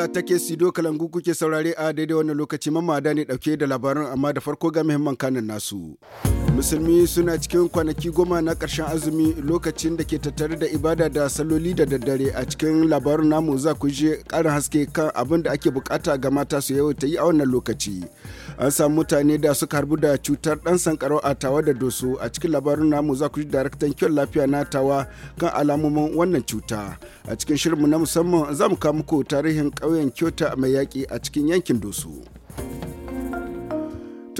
haka take sido kalangu kuke saurare a daidai wannan lokaci mamada ne dauke da labaran amma da farko ga muhimman kanan nasu. musulmi suna cikin kwanaki goma na karshen azumi lokacin da ke tattare da ibada da saloli da daddare a cikin labarin namu za ku je ƙarin haske kan abin da ake bukata ga mata su ta yi a wannan lokaci an samu mutane da suka harbu da cutar ɗan sankarau a tawa da doso a cikin labarin namu za ku ji daraktan kyau lafiya na tawa kan alamomin wannan cuta a cikin shirinmu na musamman za mu kawo muku tarihin ƙauyen kyota mai yaƙi a cikin yankin doso.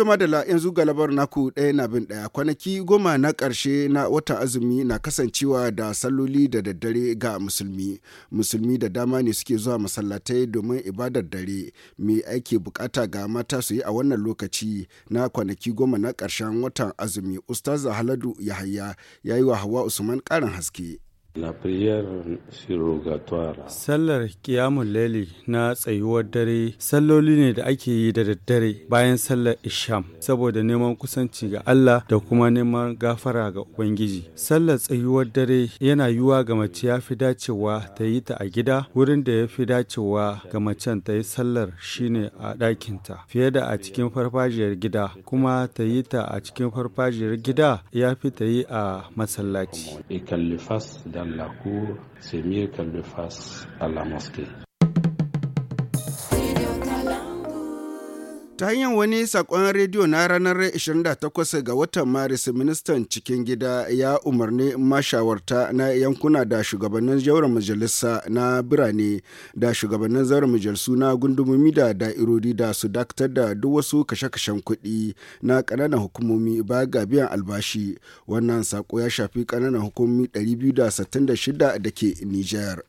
to da la yanzu galabar na naku ɗaya na bin ɗaya kwanaki goma na ƙarshe na watan azumi na kasancewa da saloli da daddare ga musulmi. Musulmi da dama ne suke zuwa masallatai domin ibadar dare me ake bukata ga mata su yi a wannan lokaci na kwanaki goma na ƙarshen watan azumi. Ustaz Haladu Yahaya ya yi wa Hawa Usman karin haske. Sallar kiyamun laili na tsayuwar dare salloli ne da ake yi da daddare bayan sallar isham saboda neman kusanci ga Allah da kuma neman gafara ga Ubangiji. Sallar tsayuwar dare yana yiwuwa ga mace ya fi dacewa ta yi ta a gida wurin da ya fi dacewa ga macen ta yi sallar shine a ɗakinta fiye da a cikin farfajiyar gida kuma ta yi ta a cikin farfajiyar gida ya fi ta yi a masallaci. la cour, c'est mieux qu'elle le fasse à la mosquée. Ta hanyar wani sakon rediyo na ranar 28 ga watan Maris, ministan cikin gida ya umarni mashawarta na yankuna da shugabannin zauren majalisa na birane da shugabannin zauren majalisu na gundumomi da da'irori da su dakatar da duk wasu kashe-kashen kuɗi na kananan hukumomi ba ga biyan albashi. Wannan sako ya shafi ƙananan hukumomi 266 da ke Nijar.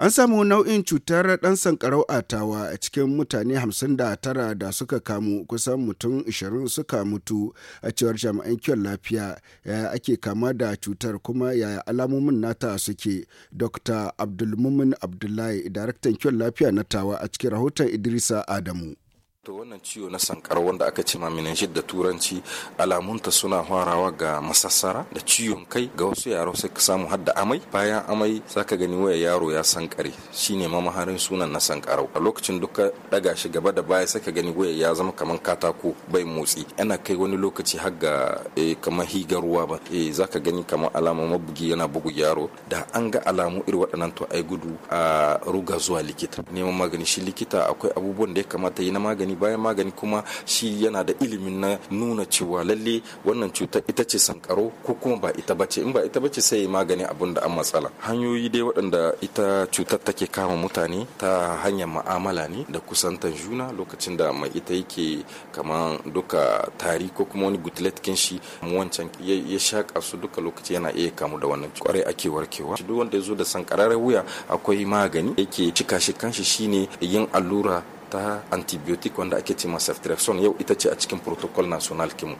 An samu nau'in cutar ɗan sankarau a tawa a cikin mutane 59 da suka kamu kusan mutum 20 suka mutu a cewar jami'an kiwon lafiya ya ake kama da cutar kuma yaya alamomin nata suke. Dr. Abdulmumin Abdullahi, daraktan kiwon lafiya na tawa a cikin rahoton Idrisa Adamu. To wannan ciwo na sankarau wanda aka ce meningitis da turanci alamunta suna farawa ga masassara da ciwon kai ga wasu yaro sai ka samu hadda amai bayan amai zaka gani waya yaro ya sankare shine mamaharin sunan na sankarau a lokacin duka daga shi gaba da baya sai ka gani waya ya zama kaman katako bai motsi yana kai wani lokaci har ga e, eh, kamar higa ruwa ba e, eh, zaka gani kamar alama mabugi yana bugu yaro da an ga alamu iri waɗannan to ai gudu a ruga zuwa likita neman magani shi likita akwai abubuwan da ya kamata yi na magani magani bayan magani kuma shi yana da ilimin na nuna cewa lalle wannan cutar ita ce sankaro ko kuma ba ita ba ce, in ba ita ba ce sai magani abun da an matsala hanyoyi dai waɗanda ita cutar take kama mutane ta hanyar ma'amala ne da kusantan juna lokacin da mai ita yake kamar duka tari ko kuma wani gutulet shi wancan ya shaƙa su duka lokaci yana iya kamu da wannan kwarai ake warkewa duk wanda ya zo da sankararren wuya akwai magani yake cika shi kanshi shine yin allura ta antibiotic wanda ake ce ceftriaxone yau ita ce a cikin protocol national kimu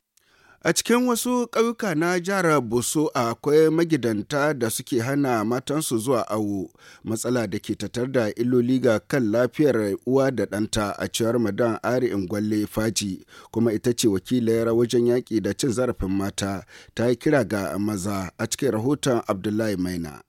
A cikin wasu ƙauyuka na jihar Boso akwai magidanta da suke hana matansu zuwa awo, matsala da ke tatar da illoli ga kan lafiyar uwa da ɗanta a cewar madan Ari Ingwalle Faji, kuma ita ce wakilayar wajen yaƙi da cin zarafin mata, ta yi kira ga maza a cikin rahoton Abdullahi Maina.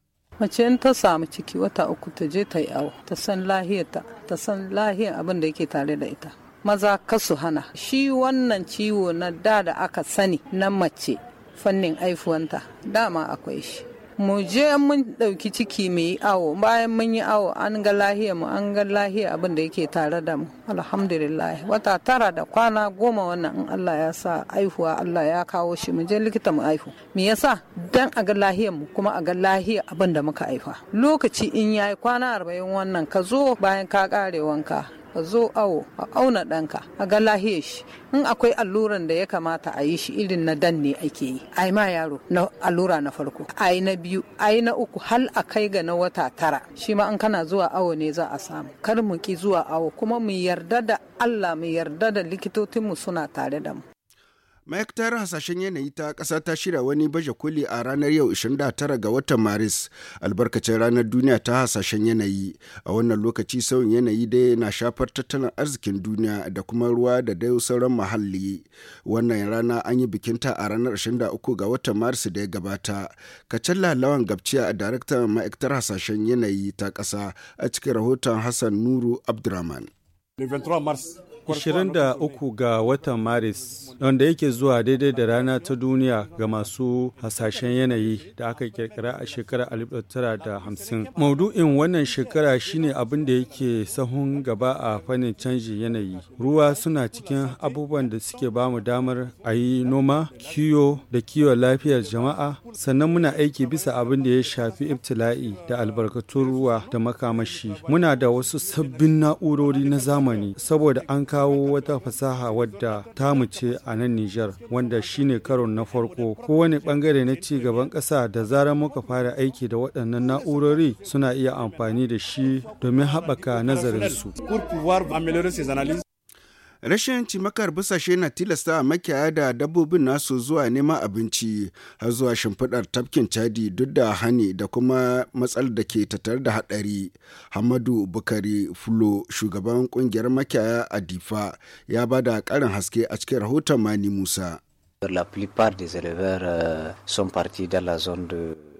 mace ta samu ciki wata uku ta je ta yi awo ta san lahiyarta ta san lahiyar abin da yake tare da ita maza kasu hana shi wannan ciwo na da da aka sani na mace fannin aifuwanta dama akwai shi mu je mun ɗauki ciki mu yi awo bayan mun yi awo an ga lahiya mu an ga lahiya abin da yake tare da mu alhamdulillah wata tara da kwana goma wannan in Allah ya sa aihuwa Allah ya kawo shi mu je likita mu aihu me yasa dan a ga lahiyar mu kuma a ga lahiya abin da muka aifa lokaci in yayi kwana arba'in wannan ka zo bayan ka kare wanka a zo awo a auna ɗanka a ga lahiyar shi in akwai alluran da ya kamata a yi shi irin na dan ne ake yi a ma yaro na allura na farko a yi na biyu a yi na uku hal a kai ga na wata tara shi ma in kana zuwa awo ne za a samu kar mu ki zuwa awo kuma mu yarda da Allah mu yarda da likitotinmu suna tare da mu ma'aikatar hasashen yanayi ta ƙasa ta shirya wani baje koli a ranar yau 29 ga watan maris albarkacin ranar duniya ta hasashen yanayi a wannan lokaci sauyin yanayi dai na shafar tattalin arzikin duniya da kuma ruwa da dai sauran muhalli wannan rana an yi bikinta a ranar 23 ga watan maris da ya gabata kacalla lawan gabciya a daraktan ma'aikatar hasashen yanayi ta ƙasa a cikin rahoton hassan nuru abdurrahman 23 ga watan Maris, wanda yake zuwa daidai da rana ta duniya ga masu hasashen yanayi da aka kirkira a shekarar 1950. Maudu'in wannan shekara shine abin da yake sahun gaba a fannin canji yanayi. Ruwa suna cikin abubuwan da suke bamu damar a yi noma, kiyo da kiyo lafiyar jama'a, sannan muna aiki bisa abin da ya shafi ibtila'i da albarkatun ruwa da makamashi. Muna da wasu sabbin na'urori na zamani saboda an kawo wata fasaha wadda ta ce a nan Nijar wanda shine karon na farko kowane bangare na ci gaban ƙasa da zarar muka fara aiki da waɗannan na'urori suna iya amfani da shi domin haɓaka nazarinsu. Rashin cimakar busashe na tilasta a makiyaya da dabbobin nasu zuwa neman abinci har zuwa shimfiɗar tafkin Chadi duk da hani da kuma matsal da ke tattare da haɗari. Hamadu Bukari Fulo, shugaban ƙungiyar makiyaya a Difa, ya ba da ƙarin haske a cikin rahoton Mani Musa. La plupart des éleveurs euh,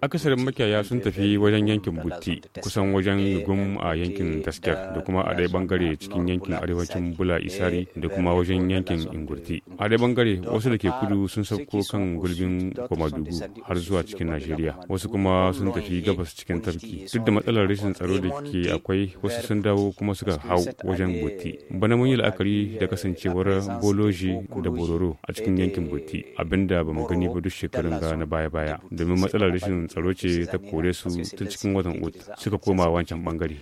akasarin makiyaya sun tafi wajen yankin butti kusan wajen yugum a yankin tasker da kuma a ɗaya bangare cikin yankin arewacin bula isari da kuma wajen yankin ingurti a ɗaya bangare wasu da ke kudu sun sauko kan gulbin komadugu har zuwa cikin najeriya wasu kuma sun tafi gabas cikin tafki duk da matsalar rashin tsaro da ke akwai wasu sun dawo kuma suka hau wajen Buti. bana mun yi la'akari da kasancewar boloji da bororo a cikin yankin butti abinda ba mu gani ba duk shekarun ga na baya-baya domin matsalar rashin tsaro ce ta kore su tun cikin watan uku suka koma wancan bangare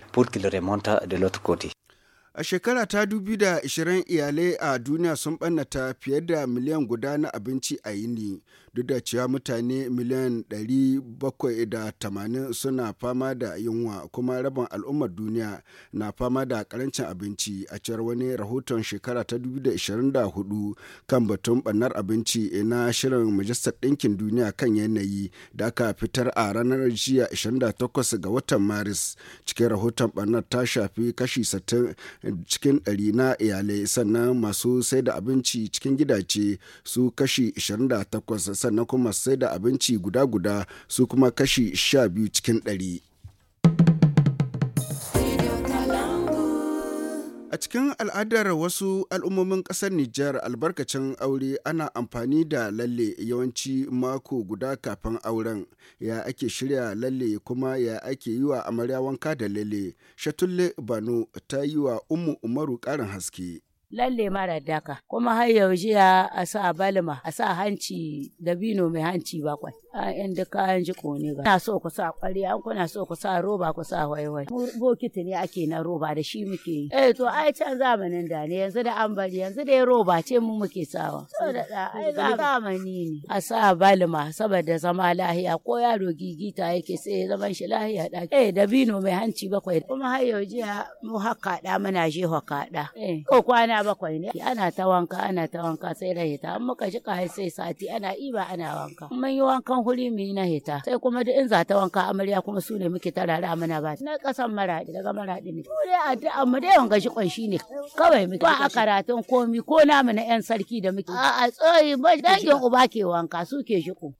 a shekara ta 2020 iyalai a duniya sun bannata fiye da miliyan guda na abinci a yini duk da cewa mutane miliyan 780 suna fama da yunwa kuma rabin al'ummar duniya na fama da karancin abinci a cewar wani rahoton shekara ta 2024 kan batun bannar abinci na shirin majalisar ɗinkin duniya kan yanayi da aka fitar a ranar jiya 28 ga watan maris cikin rahoton bannar ta shafi kashi 60 cikin 100 na iyalai sannan masu sai da abinci cikin gidace su kashi 28 sannan kuma sai da abinci guda-guda su kuma kashi sha biyu cikin ɗari. A cikin al'adar wasu al'ummomin ƙasar Nijar albarkacin aure ana amfani da lalle yawanci mako guda kafin auren ya ake shirya lalle kuma ya ake yi wa amarya wanka da lalle. Shatulle Bano ta yi wa Ummu Umaru ƙarin haske. lalle mara daka kuma har yaushe a sa balma a sa hanci dabino mai hanci bakwai a yan da kayan ji kone ba. na so ku sa kwari an kuna so ku sa roba ku sa waiwai bokiti ne ake na roba da shi muke yi eh to ai can zamanin da ne yanzu da an bari yanzu da roba ce mu muke sawa so da ai zamani ne a sa balma saboda zama lahiya ko yaro gigita yake sai ya zama shi lahiya da eh dabino mai hanci bakwai kuma har yaushe mu hakka da muna je hakka da eh. ko kwana bakwai ne ana ta wanka ana ta wanka sai da hita amma muka shi kai sai sati ana iba ana wanka mun yi wankan huri mu na hita sai kuma duk in za ta wanka amarya kuma su ne muke da mana ba na kasan maradi daga maradi ne dole addu'a mu dai wanga shi kunshi ne kawai muke ba a karatun komi ko namu na yan sarki da muke a a tsoyi ba dangin uba ke wanka su ke shiku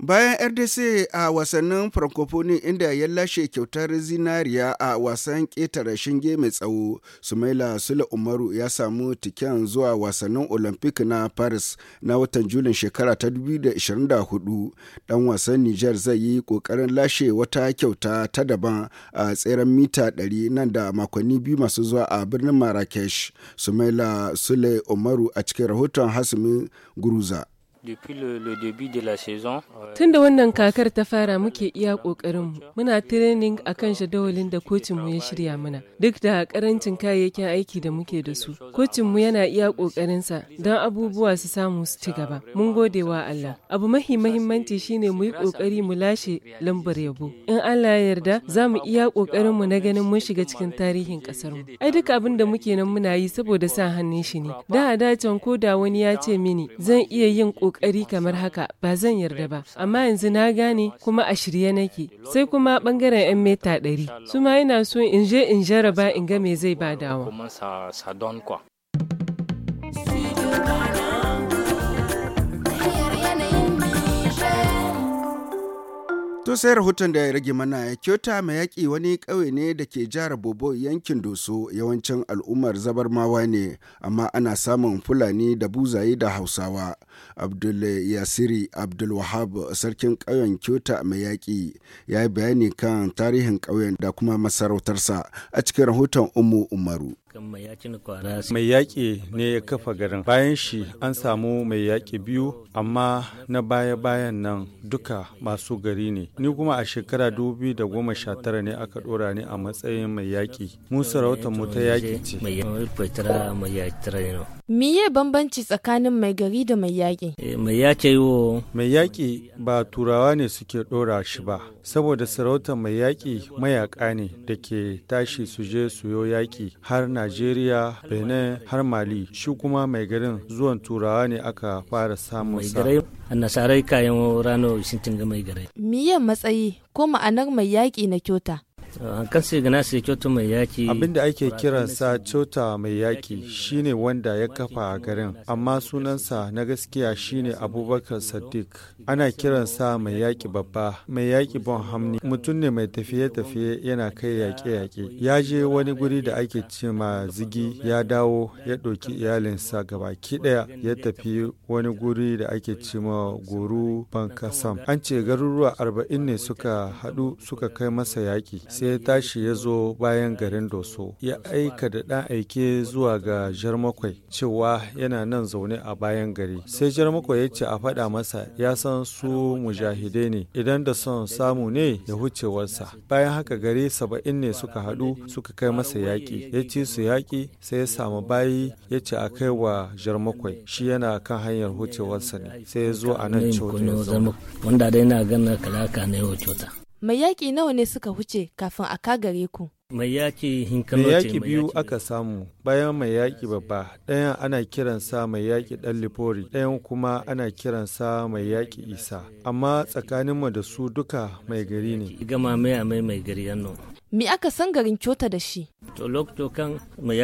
Bayan RDC a wasannin Francophonie inda ya lashe kyautar zinariya a wasan ƙetare shinge mai tsawo, Sumaila sula Umaru ya samu tiken zuwa wasannin Olympic na Paris na watan Julin shekara ta 2024. Ɗan wasan niger zai yi ƙoƙarin lashe wata kyauta ta daban a tseren mita 100 nan da makonni biyu masu zuwa a birnin Marrakesh. Sumaila Sule Umaru a cikin rahoton hasumin Guruza. Euh, Tun da wannan kakar ta fara muke iya ƙoƙarinmu, muna training a kan jadawalin da kocinmu ya shirya mana, duk da ƙarancin kayayyakin aiki da muke da su. Kocinmu yana iya ƙoƙarinsa don abubuwa su samu su ci gaba. Mun gode wa Allah. Abu mahi mahimmanci shine mu yi ƙoƙari mu lashe lambar yabo. In Allah ya yarda, za mu iya ƙoƙarinmu na ganin mun shiga cikin tarihin ƙasarmu. Ai duk abin da muke nan muna yi saboda sa hannun shi ne. Da a dacen ko da wani ya ce mini, zan iya yin ƙoƙari ƙoƙari kamar haka ba zan yarda ba amma yanzu na gane kuma a shirye nake sai kuma bangaren 'yan meta ɗari su ma ina so in je in jaraba in ga me zai ba kwa To sai rahoton da ya rage mana ya kyota mai yaƙi wani ƙauye ne da ke jihar Bobo yankin Doso yawancin al'ummar zabarmawa ne amma ana samun Fulani da buzaye da Hausawa. Abdul Yasiri Abdul Wahab sarkin ƙauyen kyota mai yaƙi ya yi bayani kan tarihin ƙauyen da kuma masarautarsa a cikin rahoton umu Umaru. Mai yaƙi ne ya kafa garin. Bayan shi an samu mai yaƙi biyu amma na baya-bayan nan duka masu gari ne. Ni kuma a shekara 2019 ne aka ɗora ni a matsayin mai yaƙi. Mun sarauta mu ta yaƙi ce. Miye bambanci tsakanin mai gari da mai yaƙi? Eh, mai yaƙi ba turawa ne suke ɗora shi ba, saboda sarauta mai yaƙi mayaƙa ne da ke tashi su je su yo yaƙi har na Najeriya, Benin har Mali shi kuma mai garin zuwan turawa ne aka fara samun sa. a Nasarai kayan rano sun tinga mai garai. Miyan matsayi ko ma'anar mai yaƙi na kyota kan sai gana sai kyoto mai yaki abinda ake sa cota mai yaki shine wanda ya kafa a garin amma sunansa na gaskiya shine abubakar sadiq ana kiran sa mai yaki babba mai yaki bon hamni mutum ne mai tafiye-tafiye yana kai yaƙe-yaƙe ya je wani guri da ake ma zigi ya dawo ya ɗauki iyalinsa gabaki ɗaya ya tafi wani guri da ake ma goru bankasam an ce garuruwa arba'in ne suka haɗu suka kai masa yaƙi sai tashi ya zo bayan garin doso ya aika da ɗan aike zuwa ga jarmakwai cewa yana nan zaune a bayan gari sai jarmakwai ya ce a faɗa masa ya san su mujahidai ne idan da son samu ne ya wucewarsa bayan haka gari saba'in ne suka haɗu suka kai masa yaƙi ya ci su yaƙi sai ya samu bayi ya ce a kai wa jarmakwai shi yana kan hanyar wucewarsa ne sai ya zo a nan cewa wanda dai na gana kalaka ne wucewarsa mai yaƙi nawa ne suka huce kafin a ka gare ku mai yaƙi biyu aka samu bayan mai yaƙi babba ɗayan ana kiransa mai yaƙi ɗan lifori ɗayan kuma ana kiransa mai yaƙi isa amma tsakaninmu da su duka mai gari ne gama mai mai mai gari yanno mi aka san garin Kyota da shi?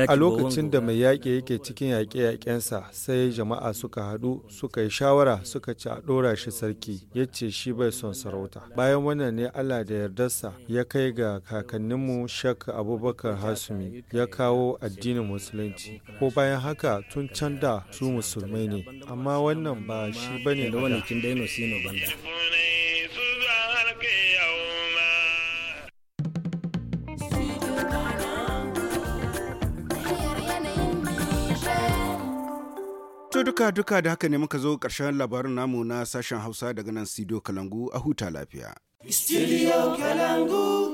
A lokacin da mai yaƙi yake cikin yaƙe-yaƙensa sai jama'a suka haɗu suka yi shawara suka ci a ɗora shi sarki ya ce shi bai son sarauta. Bayan wannan ne Allah da yardarsa ya kai ga kakanninmu Shek Abubakar Hasumi ya kawo addinin Musulunci. Ko bayan haka tun can da su musulmai ne. Amma wannan ba shi bane da. Duka duka da haka ne muka zo ƙarshen labarin namu na sashen Hausa daga nan Sido Kalangu a huta lafiya. Studio Kalangu.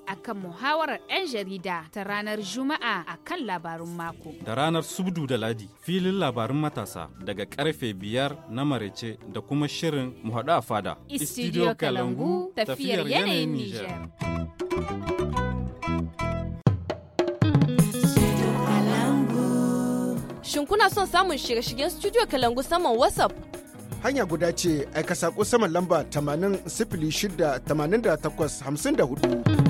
akan muhawarar 'yan jarida ta ranar Juma'a a kan labarun mako. Da ranar Subdu da Ladi filin labarun matasa daga karfe biyar na marece da kuma shirin muhaɗu a fada. Istidiyo Kalangu tafiyar yanayin Nijar. Shin kuna son samun shirye-shiryen Studio Kalangu saman WhatsApp? Hanya guda ce aika saƙo saman lamba 80 da 54.